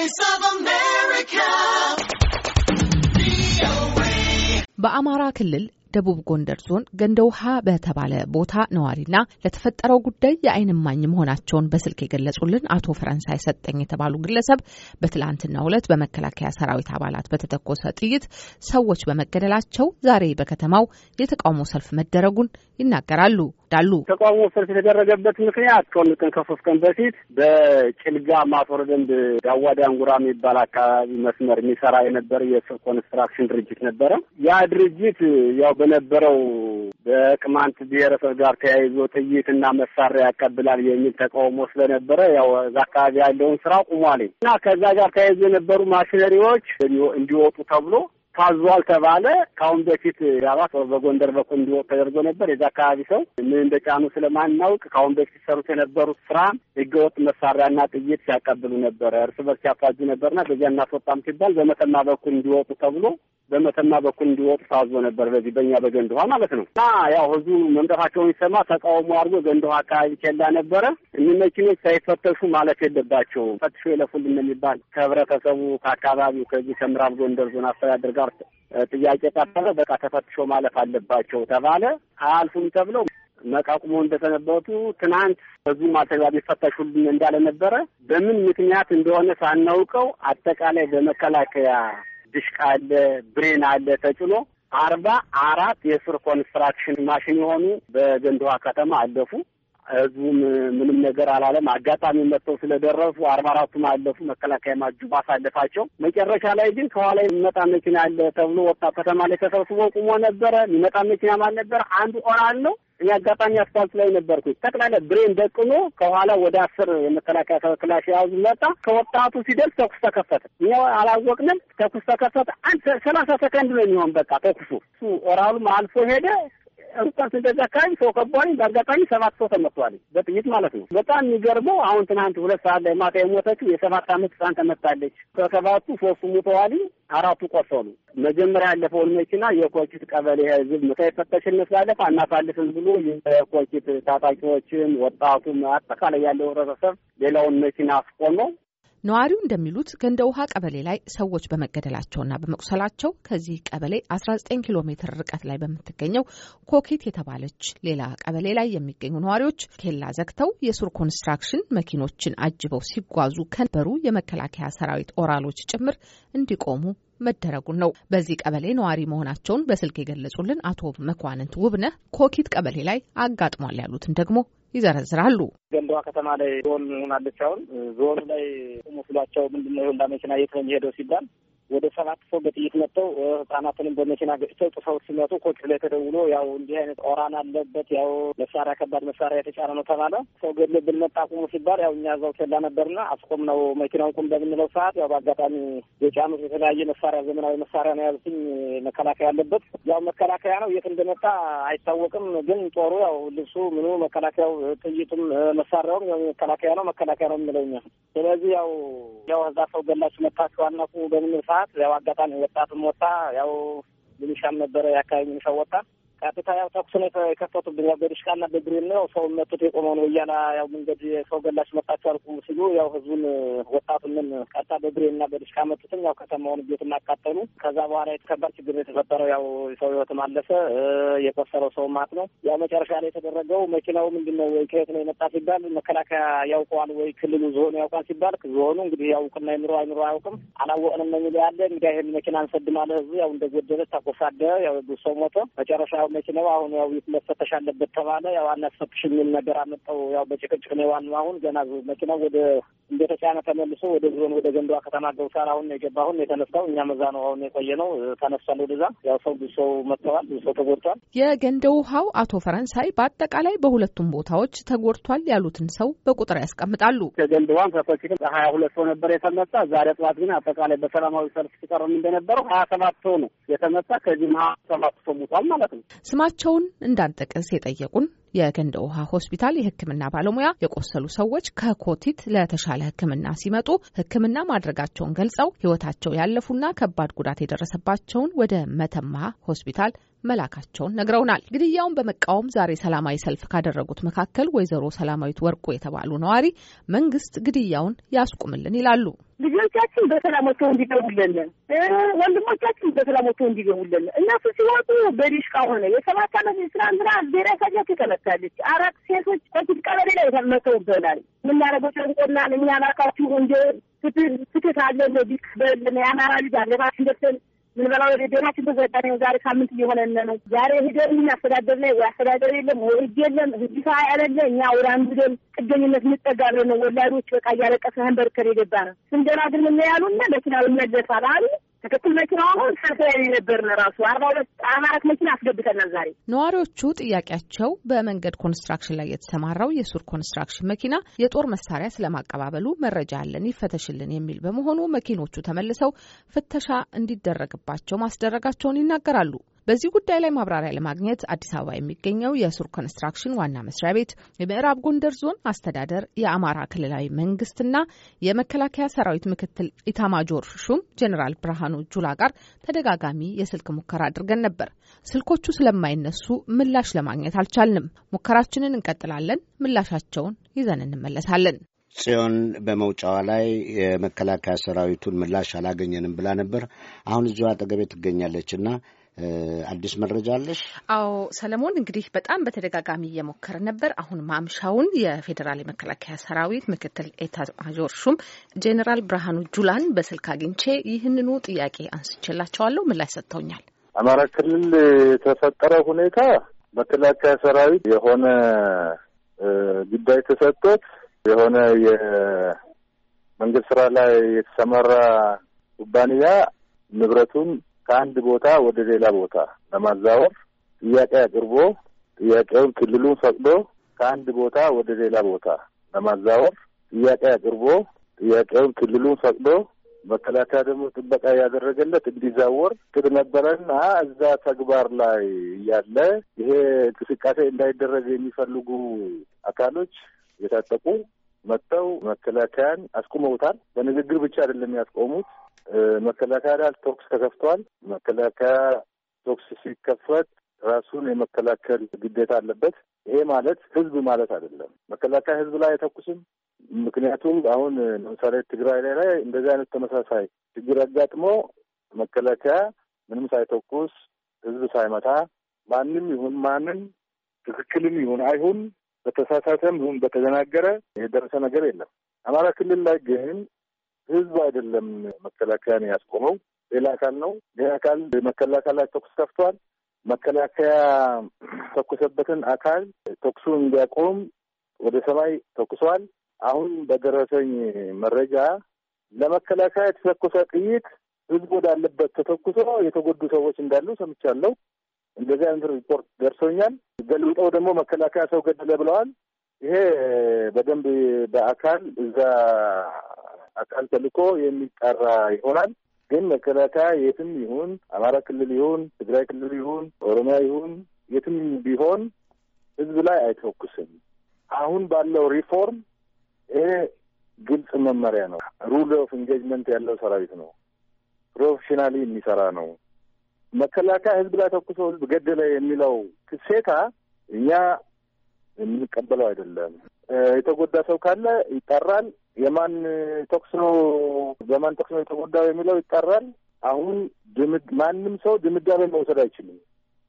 Voice of America በአማራ ክልል ደቡብ ጎንደር ዞን ገንደ ውሃ በተባለ ቦታ ነዋሪና ለተፈጠረው ጉዳይ የዓይን መሆናቸውን በስልክ የገለጹልን አቶ ፈረንሳይ ሰጠኝ የተባሉ ግለሰብ በትላንትናው ዕለት በመከላከያ ሰራዊት አባላት በተተኮሰ ጥይት ሰዎች በመገደላቸው ዛሬ በከተማው የተቃውሞ ሰልፍ መደረጉን ይናገራሉ። ዳሉ ተቃውሞ ሰልፍ የተደረገበት ምክንያት ከሁለት ቀን ከሶስት ቀን በፊት በጭልጋ ማጦር ደንብ ዳዋ ዳንጉራ የሚባል አካባቢ መስመር የሚሰራ የነበረ የስር ድርጅት ነበረ። ያ ድርጅት ያው በነበረው በቅማንት ብሔረሰብ ጋር ተያይዞ ጥይትና መሳሪያ ያቀብላል የሚል ተቃውሞ ስለነበረ ያው እዛ አካባቢ ያለውን ስራ ቁሟል እና ከዛ ጋር ተያይዞ የነበሩ ማሽነሪዎች እንዲወጡ ተብሎ ታዟል ተባለ። ከአሁን በፊት ራባት በጎንደር በኩል እንዲወጡ ተደርጎ ነበር። የዛ አካባቢ ሰው ምን እንደጫኑ ስለማናውቅ ከአሁን በፊት ሰሩት የነበሩት ስራ ህገወጥ መሳሪያና ጥይት ሲያቀብሉ ነበረ፣ እርስ በርስ ሲያፋጁ ነበርና በዚያ እናስወጣም ሲባል በመተማ በኩል እንዲወጡ ተብሎ በመተማ በኩል እንዲወጡ ታዞ ነበር። በዚህ በእኛ በገንድ ውሃ ማለት ነው እና ያው ህዝቡ መምጣታቸውን ሲሰማ ተቃውሞ አድርጎ ገንድ ውሃ አካባቢ ኬላ ነበረ። እኒ መኪኖች ሳይፈተሹ ማለት የለባቸው ፈትሾ የለፉልን የሚባል ከህብረተሰቡ ከአካባቢው ከዚህ ከምዕራብ ጎንደር ዞን አስተዳደር ጋር ጥያቄ ቀጠለ። በቃ ተፈትሾ ማለፍ አለባቸው ተባለ። አያልፉም ተብለው መቃቁሞ እንደተነበቱ ትናንት በዙም ማተቢያ ፈተሹልን እንዳለ ነበረ። በምን ምክንያት እንደሆነ ሳናውቀው አጠቃላይ በመከላከያ ድሽቃ አለ፣ ብሬን አለ ተጭኖ አርባ አራት የስር ኮንስትራክሽን ማሽን የሆኑ በገንድዋ ከተማ አለፉ። ህዝቡም ምንም ነገር አላለም። አጋጣሚ መጥተው ስለደረሱ አርባ አራቱም አለፉ። መከላከያ ማጁ ማሳለፋቸው መጨረሻ ላይ ግን ከኋላ የሚመጣ መኪና አለ ተብሎ ወጣ ከተማ ላይ ተሰብስቦ ቁሞ ነበረ። የሚመጣ ማን ነበር? አንዱ ኦራል ነው እኔ አጋጣሚ አስፋልት ላይ ነበርኩ። ጠቅላላ ብሬን ደቅኖ ከኋላ ወደ አስር የመከላከያ ክላሽ ያዙ መጣ። ከወጣቱ ሲደርስ ተኩስ ተከፈተ። እኛ አላወቅንም። ተኩስ ተከፈተ። አንድ ሰላሳ ሰከንድ ነው የሚሆን በቃ ተኩሱ። እሱ ኦራሉም አልፎ ሄደ። እንኳን እንደዛ አካባቢ ሰው ከቧኝ በአጋጣሚ ሰባት ሰው ተመቷል፣ በጥይት ማለት ነው። በጣም የሚገርመው አሁን ትናንት ሁለት ሰዓት ላይ ማታ የሞተችው የሰባት አመት ህፃን ተመታለች። ከሰባቱ ሶስቱ ሙተዋል፣ አራቱ ቆሰሉ። መጀመሪያ ያለፈውን መኪና የኮንኪት ቀበሌ ህዝብ ምታ ሳይፈተሽን ስላለፈ አናሳልፍም ብሎ የኮንኪት ታጣቂዎችን ወጣቱም አጠቃላይ ያለው ህብረተሰብ ሌላውን መኪና አስቆመው ነዋሪው እንደሚሉት ገንደ ውሃ ቀበሌ ላይ ሰዎች በመገደላቸውና በመቁሰላቸው ከዚህ ቀበሌ 19 ኪሎ ሜትር ርቀት ላይ በምትገኘው ኮኬት የተባለች ሌላ ቀበሌ ላይ የሚገኙ ነዋሪዎች ኬላ ዘግተው የሱር ኮንስትራክሽን መኪኖችን አጅበው ሲጓዙ ከነበሩ የመከላከያ ሰራዊት ኦራሎች ጭምር እንዲቆሙ መደረጉን ነው። በዚህ ቀበሌ ነዋሪ መሆናቸውን በስልክ የገለጹልን አቶ መኳንንት ውብነህ ኮኪት ቀበሌ ላይ አጋጥሟል ያሉትን ደግሞ ይዘረዝራሉ። ገንዳዋ ከተማ ላይ ዞን ሆናለች። አሁን ዞኑ ላይ ቁሙ ስሏቸው ምንድነው የሆንዳ መኪና የት ነው የሚሄደው ሲባል ወደ ሰባት ሰው በጥይት መጥተው ህጻናትንም በመኪና ገጭተው ጥሰውት ሲመጡ ቁጭ ላይ ተደውሎ ያው እንዲህ አይነት ኦራን አለበት ያው መሳሪያ ከባድ መሳሪያ የተጫነ ነው ተባለ። ሰው ገድልብን መጣ ቁሙ ሲባል ያው እኛ እዛው ኬላ ነበርና አስቆም ነው መኪናውን ቁም በምንለው ሰዓት ያው በአጋጣሚ የጫኑት የተለያየ መሳሪያ ዘመናዊ መሳሪያ ነው ያሉትኝ መከላከያ አለበት። ያው መከላከያ ነው የት እንደመጣ አይታወቅም። ግን ጦሩ ያው ልብሱ ምኑ መከላከያው ጥይቱም መሳሪያውም ያው መከላከያ ነው መከላከያ ነው የምንለው እኛ ስለዚህ ያው ያው እዛ ሰው ገላችሁ መታችሁ አናቁ በምንል ሰዓት ያው አጋጣሚ ወጣትም ወጣ፣ ያው ሚሊሻም ነበረ የአካባቢ ሚሊሻ ወጣ። ቀጥታ ያው ተኩስ ነው የከፈቱብኝ። ያው ገዲሽ ቃና በግሬን ነው ሰው መጡት የቆመው ነው እያላ ያው መንገድ ሰው ገላች መጣችሁ አልቁሙ ሲሉ ያው ህዝቡን ወጣቱን ምን ቀጥታ በግሬን እና ገዲሽ ካመጡትም ያው ከተማውን ቤት እናቃጠሉ። ከዛ በኋላ የተከባድ ችግር የተፈጠረው ያው ሰው ህይወት ማለፈ የቆሰረው ሰው ማት ነው። ያው መጨረሻ ላይ የተደረገው መኪናው ምንድን ነው ወይ ከየት ነው የመጣ ሲባል መከላከያ ያውቀዋል ወይ ክልሉ ዞኑ ያውቃል ሲባል ዞኑ እንግዲህ ያውቅና እውቅና ይኑሮ አይኑሮ አያውቅም አላወቅንም የሚል ያለ እንግዲህ ይህን መኪና አንሰድም ህዝቡ ያው እንደጎደለ ታኮሳደ ያው ሰው ሞተ መጨረሻ ያው መኪናው አሁን ያው መፈተሽ አለበት ተባለ። ያው አናስፈትሽ የሚል ነገር አመጣው። ያው በጭቅጭቅ ነው ዋናው። አሁን ገና መኪናው ወደ እንደተጫነ ተመልሶ ወደ ዞን ወደ ገንዷ ከተማ ገብቷል። አሁን የገባ አሁን የተነሳው እኛ መዛ ነው አሁን የቆየ ነው ተነሳል። ወደዛ ያው ሰው ብዙ ሰው መጥተዋል። ብዙ ሰው ተጎድቷል። የገንደ ውሃው አቶ ፈረንሳይ በአጠቃላይ በሁለቱም ቦታዎች ተጎድቷል ያሉትን ሰው በቁጥር ያስቀምጣሉ። ከገንደ ውሃም ከኮችም ሀያ ሁለት ሰው ነበር የተመጣ። ዛሬ ጠዋት ግን አጠቃላይ በሰላማዊ ሰልፍ ሲቀርም እንደነበረው ሀያ ሰባት ሰው ነው የተመጣ። ከዚህ ሀያ ሰባት ሰው ሙቷል ማለት ነው። ስማቸውን እንዳንጠቅስ የጠየቁን የገንደ ውሃ ሆስፒታል የሕክምና ባለሙያ የቆሰሉ ሰዎች ከኮቲት ለተሻለ ሕክምና ሲመጡ ሕክምና ማድረጋቸውን ገልጸው ሕይወታቸው ያለፉና ከባድ ጉዳት የደረሰባቸውን ወደ መተማ ሆስፒታል መላካቸውን ነግረውናል። ግድያውን በመቃወም ዛሬ ሰላማዊ ሰልፍ ካደረጉት መካከል ወይዘሮ ሰላማዊት ወርቁ የተባሉ ነዋሪ መንግስት ግድያውን ያስቁምልን ይላሉ። ልጆቻችን በሰላም ወጥተው እንዲገቡልን፣ ወንድሞቻችን በሰላም ወጥተው እንዲገቡልን። እነሱ ሲወጡ በዲሽቃ ሆነ የሰባት ዓመት የስራንስራ ብሔረሰጃቸው ተመታለች። አራት ሴቶች በፊት ቀበሌ ላይ መተውብናል። የምናደርገው ጨንቆናል። እኛ ላካችሁ እንደ ፍትህ ፍትህ አለን ቢክ የአማራ ልጅ አለባችን ደብተን ምንበላው ጤናችን ተዘጋ ነው። ዛሬ ሳምንት እየሆነነ ነው። ዛሬ ሂደን ምን አስተዳደር ላይ ወይ አስተዳደር የለም ወይ ህግ የለም። ህግ ሰ ያለለ እኛ ወደ አንዱ ደል ጥገኝነት እንጠጋ ነው ወላዶች በቃ እያለቀሰ ህንበርከር የገባ ነው ስንደናግር ምና ያሉና መኪና ብመለሳል አሉ ትክክል መኪና አሁን ሳተያይ ነበር አርባ ሁለት አማራት መኪና አስገብተናል ዛሬ። ነዋሪዎቹ ጥያቄያቸው በመንገድ ኮንስትራክሽን ላይ የተሰማራው የሱር ኮንስትራክሽን መኪና የጦር መሳሪያ ስለማቀባበሉ መረጃ አለን ይፈተሽልን የሚል በመሆኑ መኪኖቹ ተመልሰው ፍተሻ እንዲደረግባቸው ማስደረጋቸውን ይናገራሉ። በዚህ ጉዳይ ላይ ማብራሪያ ለማግኘት አዲስ አበባ የሚገኘው የሱር ኮንስትራክሽን ዋና መስሪያ ቤት፣ የምዕራብ ጎንደር ዞን አስተዳደር፣ የአማራ ክልላዊ መንግስትና የመከላከያ ሰራዊት ምክትል ኢታማጆር ሹም ጀኔራል ብርሃኑ ጁላ ጋር ተደጋጋሚ የስልክ ሙከራ አድርገን ነበር። ስልኮቹ ስለማይነሱ ምላሽ ለማግኘት አልቻልንም። ሙከራችንን እንቀጥላለን። ምላሻቸውን ይዘን እንመለሳለን። ጽዮን በመውጫዋ ላይ የመከላከያ ሰራዊቱን ምላሽ አላገኘንም ብላ ነበር። አሁን እዚሁ አጠገቤ ትገኛለች አዲስ መረጃ አለሽ? አዎ ሰለሞን፣ እንግዲህ በጣም በተደጋጋሚ እየሞከረ ነበር። አሁን ማምሻውን የፌዴራል የመከላከያ ሰራዊት ምክትል ኤታማዦር ሹም ጄኔራል ብርሃኑ ጁላን በስልክ አግኝቼ ይህንኑ ጥያቄ አንስቼላቸዋለሁ። ምላሽ ሰጥተውኛል። አማራ ክልል የተፈጠረ ሁኔታ መከላከያ ሰራዊት የሆነ ጉዳይ ተሰጥቶት የሆነ የመንግስት ስራ ላይ የተሰማራ ኩባንያ ንብረቱን ከአንድ ቦታ ወደ ሌላ ቦታ ለማዛወር ጥያቄ አቅርቦ ጥያቄውን ክልሉን ፈቅዶ ከአንድ ቦታ ወደ ሌላ ቦታ ለማዛወር ጥያቄ አቅርቦ ጥያቄውን ክልሉን ፈቅዶ መከላከያ ደግሞ ጥበቃ እያደረገለት እንዲዛወር ቅድ ነበረና እዛ ተግባር ላይ ያለ ይሄ እንቅስቃሴ እንዳይደረግ የሚፈልጉ አካሎች የታጠቁ መጥተው መከላከያን አስቁመውታል። በንግግር ብቻ አይደለም ያስቆሙት መከላከያ ቶክስ ተከፍቷል። መከላከያ ቶክስ ሲከፈት ራሱን የመከላከል ግዴታ አለበት። ይሄ ማለት ህዝብ ማለት አይደለም። መከላከያ ህዝብ ላይ አይተኩስም። ምክንያቱም አሁን ለምሳሌ ትግራይ ላይ ላይ እንደዚህ አይነት ተመሳሳይ ችግር አጋጥሞ መከላከያ ምንም ሳይተኩስ ህዝብ ሳይመታ ማንም ይሁን ማንም ትክክልም ይሁን አይሁን በተሳሳተም ይሁን በተደናገረ የደረሰ ነገር የለም። አማራ ክልል ላይ ግን ህዝብ አይደለም መከላከያን ያስቆመው፣ ሌላ አካል ነው። ይህ አካል መከላከያ ላይ ተኩስ ከፍቷል። መከላከያ ተኩሰበትን አካል ተኩሱ እንዲያቆም ወደ ሰማይ ተኩሷል። አሁን በደረሰኝ መረጃ ለመከላከያ የተተኮሰ ጥይት ህዝብ ወዳለበት ተተኩሶ የተጎዱ ሰዎች እንዳሉ ሰምቻለሁ። እንደዚህ አይነት ሪፖርት ደርሶኛል። ገልብጠው ደግሞ መከላከያ ሰው ገደለ ብለዋል። ይሄ በደንብ በአካል እዛ አካል ተልኮ የሚጠራ ይሆናል። ግን መከላከያ የትም ይሁን አማራ ክልል ይሁን ትግራይ ክልል ይሁን ኦሮሚያ ይሁን የትም ቢሆን ህዝብ ላይ አይተኩስም። አሁን ባለው ሪፎርም ይሄ ግልጽ መመሪያ ነው። ሩል ኦፍ ኢንጌጅመንት ያለው ሰራዊት ነው። ፕሮፌሽናሊ የሚሰራ ነው። መከላከያ ህዝብ ላይ ተኩሶ ህዝብ ገደለ የሚለው ክሴታ እኛ የምንቀበለው አይደለም። የተጎዳ ሰው ካለ ይጠራል፣ የማን ተኩስ ነው በማን ተኩስ ነው የተጎዳው የሚለው ይጠራል። አሁን ማንም ሰው ድምዳሜ መውሰድ አይችልም።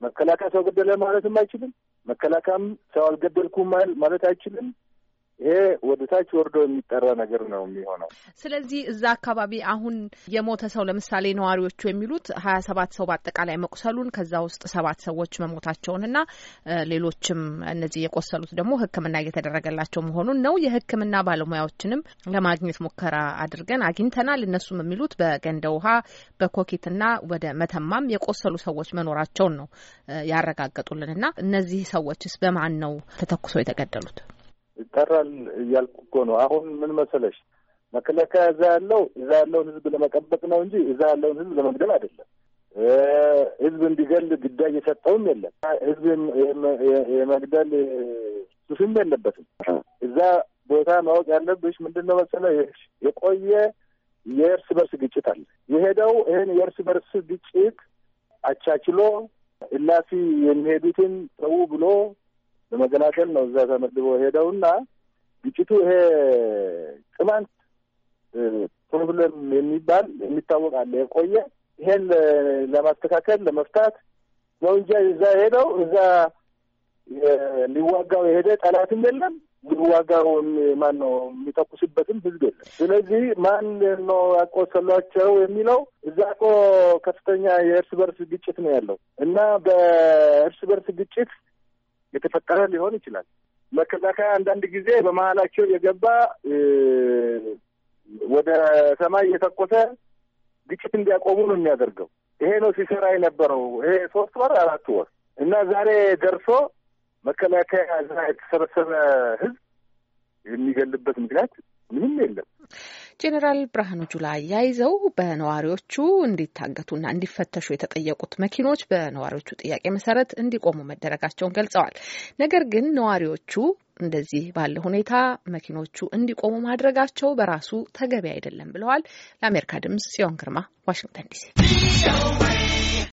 መከላከያ ሰው ገደለ ማለትም አይችልም። መከላከያም ሰው አልገደልኩም ማለት አይችልም። ይሄ ወደ ታች ወርዶ የሚጠራ ነገር ነው የሚሆነው። ስለዚህ እዛ አካባቢ አሁን የሞተ ሰው ለምሳሌ ነዋሪዎቹ የሚሉት ሀያ ሰባት ሰው በአጠቃላይ መቁሰሉን ከዛ ውስጥ ሰባት ሰዎች መሞታቸውን እና ሌሎችም እነዚህ የቆሰሉት ደግሞ ሕክምና እየተደረገላቸው መሆኑን ነው። የሕክምና ባለሙያዎችንም ለማግኘት ሙከራ አድርገን አግኝተናል። እነሱም የሚሉት በገንደ ውሃ በኮኬትና ወደ መተማም የቆሰሉ ሰዎች መኖራቸውን ነው ያረጋገጡልን እና እነዚህ ሰዎችስ በማን ነው ተተኩሶ የተገደሉት? ይጠራል እያልኩ እኮ ነው። አሁን ምን መሰለሽ መከላከያ እዛ ያለው እዛ ያለውን ህዝብ ለመጠበቅ ነው እንጂ እዛ ያለውን ህዝብ ለመግደል አይደለም። ህዝብ እንዲገል ግዳይ የሰጠውም የለም። ህዝብ የመግደል ሱስም የለበትም። እዛ ቦታ ማወቅ ያለብሽ ምንድን ነው መሰለህ የቆየ የእርስ በርስ ግጭት አለ። የሄደው ይህን የእርስ በርስ ግጭት አቻችሎ እላፊ የሚሄዱትን ተው ብሎ ለመገናሸል ነው እዛ ተመድቦ ሄደውና ግጭቱ ይሄ ቅማንት ፕሮብለም የሚባል የሚታወቅ አለ የቆየ ይሄን ለማስተካከል ለመፍታት ነው እንጂ እዛ ሄደው እዛ ሊዋጋው የሄደ ጠላትም የለም ሊዋጋው ማን ነው የሚተኩስበትም ህዝብ የለም። ስለዚህ ማን ነው ያቆሰሏቸው የሚለው እዛ እኮ ከፍተኛ የእርስ በርስ ግጭት ነው ያለው እና በእርስ በርስ ግጭት የተፈጠረ ሊሆን ይችላል። መከላከያ አንዳንድ ጊዜ በመሀላቸው የገባ ወደ ሰማይ እየተኮሰ ግጭት እንዲያቆሙ ነው የሚያደርገው። ይሄ ነው ሲሰራ የነበረው ይሄ ሶስት ወር አራት ወር እና ዛሬ ደርሶ መከላከያ የተሰበሰበ ህዝብ የሚገልበት ምክንያት ምንም የለም። ጄኔራል ብርሃኑ ጁላ አያይዘው በነዋሪዎቹ እንዲታገቱና እንዲፈተሹ የተጠየቁት መኪኖች በነዋሪዎቹ ጥያቄ መሰረት እንዲቆሙ መደረጋቸውን ገልጸዋል። ነገር ግን ነዋሪዎቹ እንደዚህ ባለ ሁኔታ መኪኖቹ እንዲቆሙ ማድረጋቸው በራሱ ተገቢ አይደለም ብለዋል። ለአሜሪካ ድምጽ ጽዮን ግርማ ዋሽንግተን ዲሲ